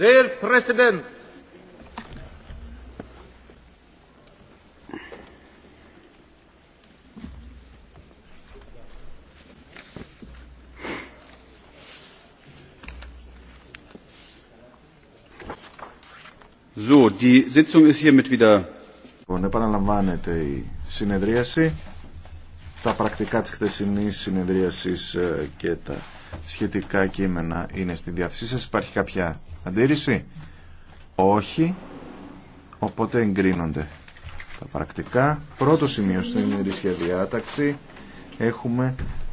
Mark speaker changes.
Speaker 1: Dear President,
Speaker 2: So, die Sitzung ist hiermit wieder. Λοιπόν, επαναλαμβάνεται η συνεδρίαση. Τα πρακτικά της χτεσινής συνεδρίασης ε, και τα
Speaker 3: σχετικά κείμενα είναι στη διάθεσή σας. Υπάρχει κάποια αντίρρηση. Όχι.
Speaker 4: Οπότε εγκρίνονται τα πρακτικά. Πρώτο σημείο στην ενεργησία διάταξη έχουμε